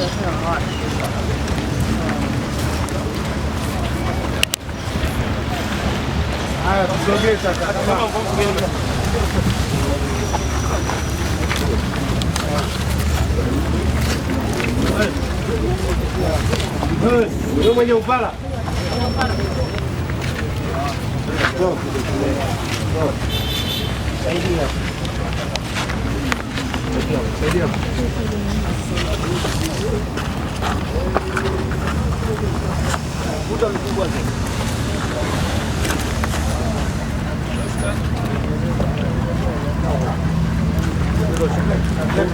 rồi Hayır, bölgeye çarpar. Tamam, bölgeye çarpar. Yo me llevo para. Seis días. Seis días. 모자를 두고 가세요.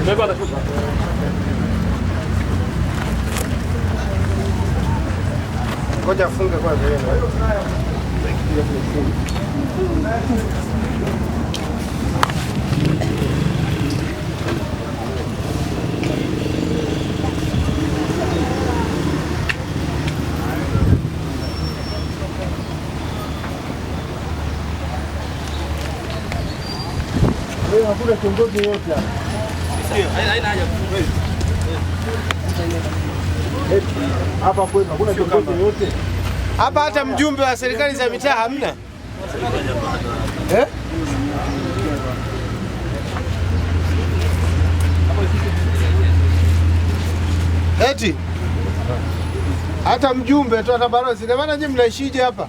내 받아 줘. 거기다 쓴거 가지고. hakuna kiongozi yote hapa Sio, haina haina haja hapa kwenu, hakuna kiongozi yote hapa, hata mjumbe wa serikali za mitaa hamna eh? Eti hata mjumbe tu, hata balozi. Ndio maana nyinyi mnaishije hapa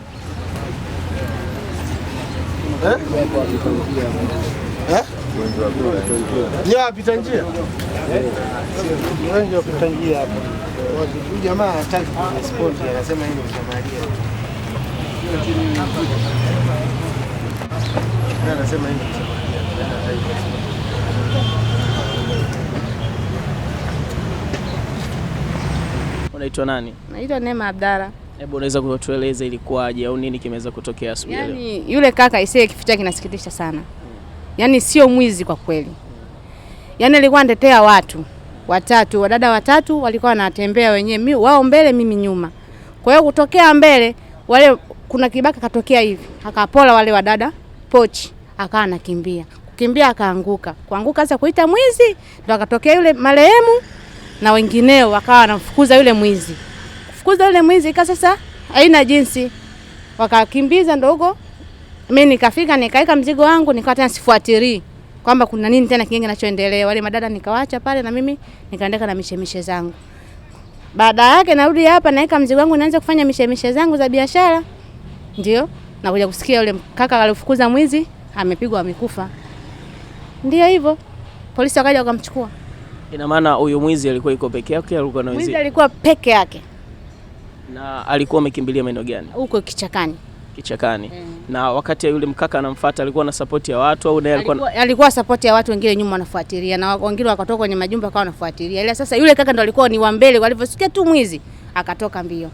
eh? Eh? ndio njia wengi wapita njia Huyu jamaa hataki kurespondi, anasema Unaitwa nani? Naitwa Neema Abdara. Hebu unaweza kutueleza ilikuwaje au nini kimeweza kutokea asubuhi? Yaani yule kaka isee kificha kinasikitisha sana yani sio mwizi kwa kweli. Yani alikuwa anatetea watu watatu, wadada watatu walikuwa wanatembea wenyewe, mimi wao mbele, mimi nyuma. Kwa hiyo kutokea mbele wale, kuna kibaka katokea hivi akapola wale wadada pochi, akawa anakimbia kukimbia, akaanguka kuanguka, sasa kuita mwizi, ndo akatokea yule marehemu na wengineo wakawa wanamfukuza yule mwizi, kufukuza yule mwizi, ika sasa haina jinsi, wakakimbiza ndogo mimi nikafika nikaweka mzigo wangu nikawa tena sifuatilii kwamba kuna nini tena kingine kinachoendelea. Wale madada nikawaacha pale na mimi nikaendeka na mishemishe zangu. Baada yake narudi hapa naweka mzigo wangu naanza kufanya mishemishe zangu za biashara. Ndio nakuja kusikia yule kaka alifukuza mwizi amepigwa amekufa. Ndio hivyo. Polisi wakaja wakamchukua. Ina maana huyu mwizi alikuwa yuko peke yake alikuwa na wenzake? Mwizi alikuwa peke yake. Na alikuwa amekimbilia maeneo gani? Huko kichakani kichakani mm. Na wakati ya yule mkaka anamfuata alikuwa na support ya watu au naye alikuwa alikuwa support ya watu wengine nyuma wanafuatilia, na wengine wakatoka kwenye majumba kwa wanafuatilia, ila sasa yule kaka ndo alikuwa ni wa mbele, walivyosikia tu mwizi akatoka mbio.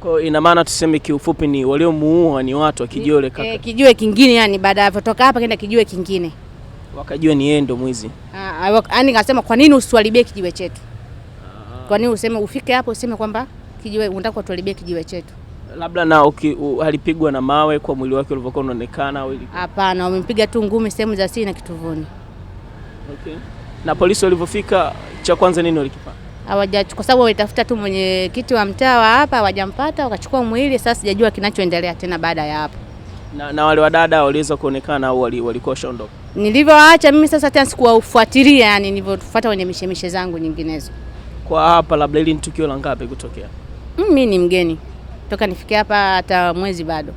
Kwa ina maana tuseme kiufupi ni waliomuua ni watu akijua yule eh, kaka. E, kijue kingine yani, baada ya kutoka hapa kenda kijue kingine wakajua ni yeye ndo mwizi. Ah, ah, yani kasema kwa nini usiwalibie kijiwe chetu? Ah. Kwa nini useme ufike hapo useme kwamba kijiwe unataka kutuharibia kijiwe chetu? labda na uki, u, alipigwa na mawe kwa mwili wake ulivyokuwa unaonekana au ilikuwa? Hapana, wamempiga tu ngumi sehemu za siri na kituvuni. Okay. Na polisi walivyofika, cha kwanza nini walikipata? Hawajachukua kwa sababu walitafuta tu kiti wa mtaa wa hapa, hawajampata wakachukua mwili. Sasa sijajua kinachoendelea tena baada ya hapo. Na, na wale wadada waliweza kuonekana au walikuwa washaondoka? Nilivyowaacha mimi sasa tena sikuwafuatilia, yani nilivyofuata kwenye mishemishe zangu nyinginezo. Kwa hapa labda, hili ni tukio la ngapi kutokea? Mimi ni mgeni toka nifikia hapa hata mwezi bado.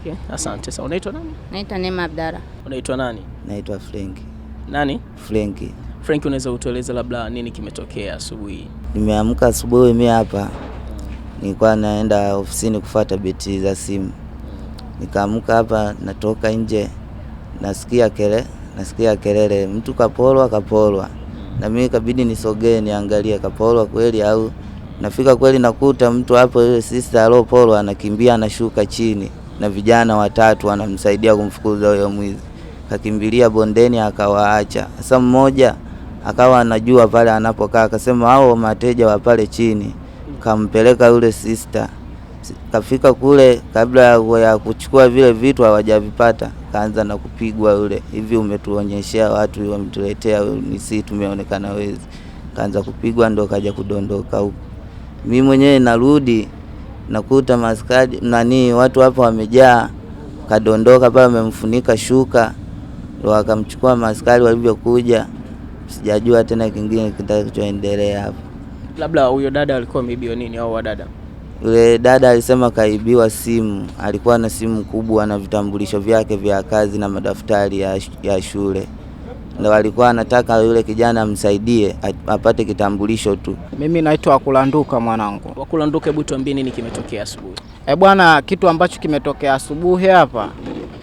Okay, asante Sasa Unaitwa nani? Naitwa Neema Abdara. Unaitwa nani? Naitwa Frank. Nani? Frank. Frank, unaweza kutueleza labda nini kimetokea asubuhi? Nimeamka asubuhi mimi hapa nilikuwa naenda ofisini kufuata beti za simu, nikaamka hapa, natoka nje, nasikia kele, nasikia kelele, mtu kapolwa, kapolwa na mimi ikabidi nisogee niangalie kapolwa kweli au Nafika kweli nakuta mtu hapo, yule sister alopolwa anakimbia anashuka chini na vijana watatu wanamsaidia kumfukuza huyo mwizi. Kakimbilia bondeni akawaacha. Sasa mmoja akawa anajua pale anapokaa, akasema hao mateja wa pale chini, kampeleka yule sister. Kafika kule, kabla ya kuchukua vile vitu hawajavipata, kaanza na kupigwa yule, hivi umetuonyeshea watu wametuletea sisi, tumeonekana wezi, kaanza kupigwa, ndo kaja kudondoka huko mi mwenyewe narudi nakuta maskari nani watu hapa wamejaa, kadondoka pale, wamemfunika shuka, wakamchukua maskari. Walivyokuja sijajua tena kingine kitachoendelea hapo. Labda huyo dada alikuwa ameibiwa nini, au wadada? Yule dada alisema kaibiwa simu, alikuwa na simu kubwa na vitambulisho vyake vya kazi na madaftari ya shule ndo walikuwa anataka yule kijana amsaidie apate kitambulisho tu. Mimi naitwa Wakulanduka mwanangu. Wakulanduka, hebu tuambie nini kimetokea asubuhi? Eh bwana, kitu ambacho kimetokea asubuhi hapa,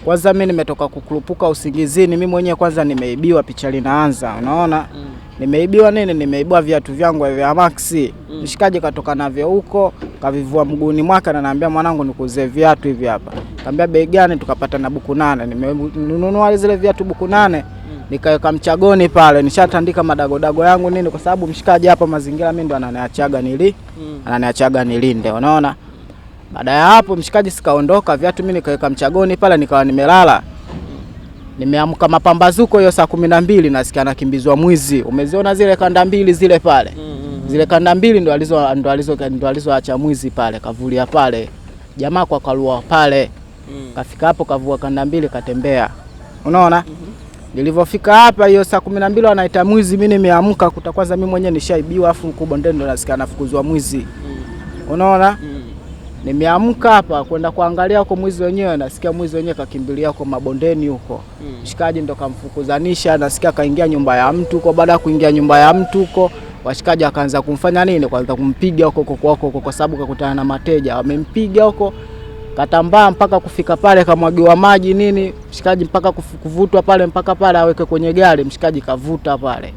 kwanza mimi nimetoka kukurupuka usingizini. Mimi mwenyewe kwanza nimeibiwa, picha linaanza, unaona mm. Nimeibiwa nini? Nimeibiwa viatu vyangu vya Maxi mm. Mshikaji katoka navyo huko kavivua mguuni mwake, na naambia mwanangu, nikuzee viatu hivi hapa. Kaambia bei gani? Tukapata na buku nane. Nimenunua zile viatu buku nane mm nikaweka mchagoni pale, nishatandika madagodago yangu nini, kwa sababu mshikaji hapa mazingira mimi ndo ananiachaga nili mm. ananiachaga nilinde, unaona. Baada ya hapo mshikaji sikaondoka, viatu mimi nikaweka mchagoni pale, nikawa nimelala. Nimeamka mapambazuko hiyo saa kumi na mbili nasikia nakimbizwa mwizi. Umeziona zile kanda mbili zile pale mm -hmm. zile kanda mbili ndo alizo ndo alizo ndo alizoacha mwizi pale, kavulia pale jamaa kwa kalua pale mm. kafika hapo kavua kanda mbili, katembea, unaona mm -hmm. Nilivyofika hapa hiyo saa kumi na mbili wanaita mwizi, mimi nimeamka kuta kwanza mimi mwenyewe nishaibiwa, afu huko bondeni ndo nasikia nafukuzwa mwizi. Unaona? Nimeamka hapa kwenda kuangalia huko mwizi wenyewe, nasikia mwizi wenyewe kakimbilia huko mabondeni huko. Mshikaji ndo kamfukuzanisha, nasikia kaingia nyumba ya mtu huko. Baada ya kuingia nyumba ya mtu huko, washikaji wakaanza kumfanya nini? Kwanza kumpiga huko kwa sababu kakutana na mateja, wamempiga huko katambaa mpaka kufika pale, kamwagiwa maji nini, mshikaji mpaka kuvutwa pale mpaka pale aweke kwenye gari, mshikaji kavuta pale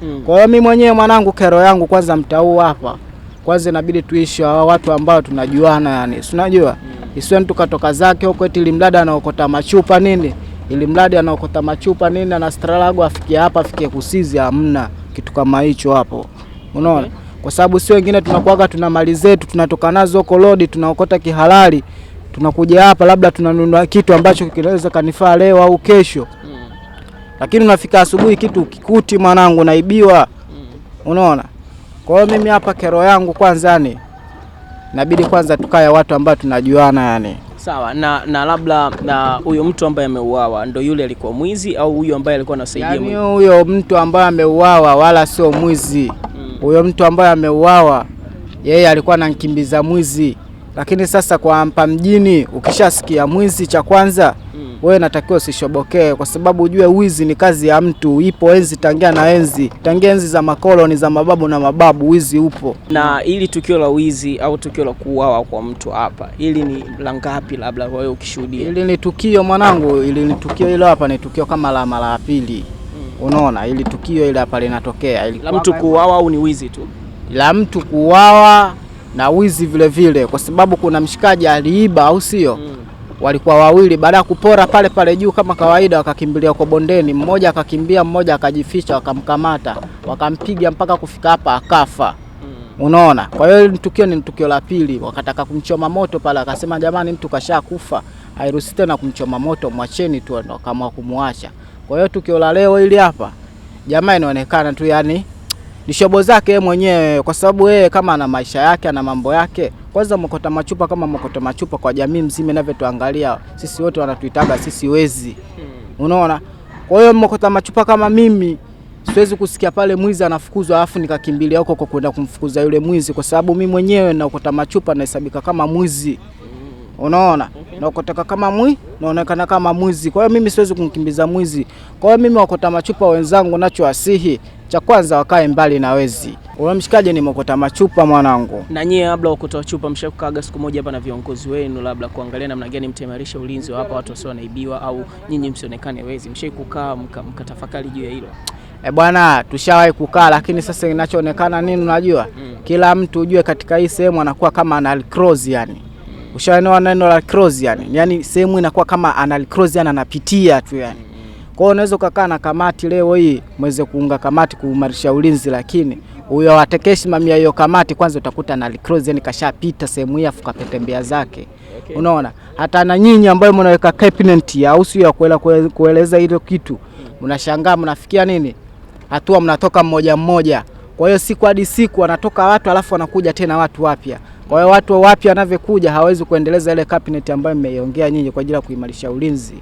hmm. Kwa hiyo mimi mwenyewe mwanangu, kero yangu kwanza, mtauu hapa kwanza inabidi tuishi hawa watu ambao tunajuana, yani si unajua hmm. Isiwe mtu katoka zake huko eti ili anaokota machupa nini, ili mradi anaokota machupa nini, ana stralago afikie hapa afikie kusizi, hamna kitu kama hicho hapo, unaona okay. Kwa sababu si wengine tunakuwaga tuna mali zetu tunatoka nazo huko lodi, tunaokota kihalali tunakuja hapa labda tunanunua kitu ambacho kinaweza kanifaa leo au kesho mm. Lakini unafika asubuhi kitu kikuti, mwanangu, naibiwa mm. Unaona, kwa hiyo mimi hapa kero yangu kwanza ni inabidi kwanza tukaya watu ambao tunajuana yani. Sawa na, na labda na huyo mtu ambaye ameuawa ndo yule alikuwa mwizi au huyo ambaye alikuwa anasaidia yani? Huyo mtu ambaye ameuawa wala sio mwizi mm. huyo mm. Mtu ambaye ameuawa yeye alikuwa anankimbiza mwizi lakini sasa kwa hapa mjini ukishasikia mwizi, cha kwanza mm. wewe natakiwa usishobokee, kwa sababu ujue wizi ni kazi ya mtu, ipo enzi tangia na enzi, tangia enzi za makoloni za mababu na mababu, wizi upo. Na ili tukio la wizi au tukio la kuuawa kwa mtu hapa, ili ni la ngapi? Labda wewe ukishuhudia, ili ni tukio mwanangu, ili ni tukio ilo hapa, ni tukio kama la mara ya pili mm. unaona, ili tukio ile hapa linatokea, ili la mtu kuuawa au ni wizi tu la mtu kuuawa na wizi vile vile, kwa sababu kuna mshikaji aliiba, au sio? mm. walikuwa wawili, baada ya kupora pale pale juu kama kawaida, wakakimbilia kwa bondeni, mmoja akakimbia, mmoja akajificha, wakamkamata, wakampiga mpaka kufika hapa akafa. mm. Unaona, kwa hiyo tukio ni tukio la pili, wakataka kumchoma moto pale, akasema jamani, mtu kashakufa, hairuhusi tena kumchoma moto, mwacheni tu, kama kumwacha. Kwa hiyo tukio la leo hili hapa, jamaa inaonekana tu yani ni shobo zake yeye mwenyewe, kwa sababu yeye kama ana maisha yake, ana mambo yake. Kwanza mokota machupa kama mokota machupa, kwa jamii mzima inavyotuangalia sisi wote, wanatuitaga sisi wezi, hmm. unaona. Kwa hiyo mokota machupa kama mimi siwezi kusikia pale mwizi anafukuzwa alafu nikakimbilia huko kwa kwenda kumfukuza yule mwizi, kwa sababu mimi mwenyewe naokota machupa nahesabika kama mwizi unaona na kutoka kama mwi naonekana kama mwizi, kwa hiyo mimi siwezi kumkimbiza mwizi. Kwa hiyo mimi wakota machupa wenzangu, nachowasihi cha kwanza wakae mbali na wezi. Ule mshikaji ni mokota machupa mwanangu. Na nyie labda wakota machupa mshakukaga siku moja hapa na viongozi wenu, labda kuangalia namna gani mtaimarisha ulinzi wa hapa watu wasio wasionaibiwa, au nyinyi msionekane wezi, mshaikukaa mkatafakari mka juu ya hilo? E bwana, tushawahi kukaa, lakini sasa inachoonekana nini, unajua mm. kila mtu ujue katika hii sehemu anakuwa kama cross yani Ushaelewa neno la cross yani. Yaani sehemu inakuwa kama anal cross yani anapitia tu yani. Kwa hiyo unaweza ukakaa na kamati leo hii mweze kuunga kamati kuimarisha ulinzi, lakini huyo mamia hiyo kamati kwanza utakuta anal cross yani kashapita sehemu hii afu kapetembea zake. Okay. Unaona? Hata na nyinyi ambayo mnaweka cabinet ya sio ya kuela kueleza hilo kitu. Mnashangaa mnafikia nini? Hatua mnatoka mmoja mmoja. Kwa hiyo siku hadi siku wanatoka watu alafu wanakuja tena watu wapya. Kwa hiyo watu wapya wanavyokuja hawawezi kuendeleza ile cabinet ambayo mmeiongea nyinyi kwa ajili ya kuimarisha ulinzi.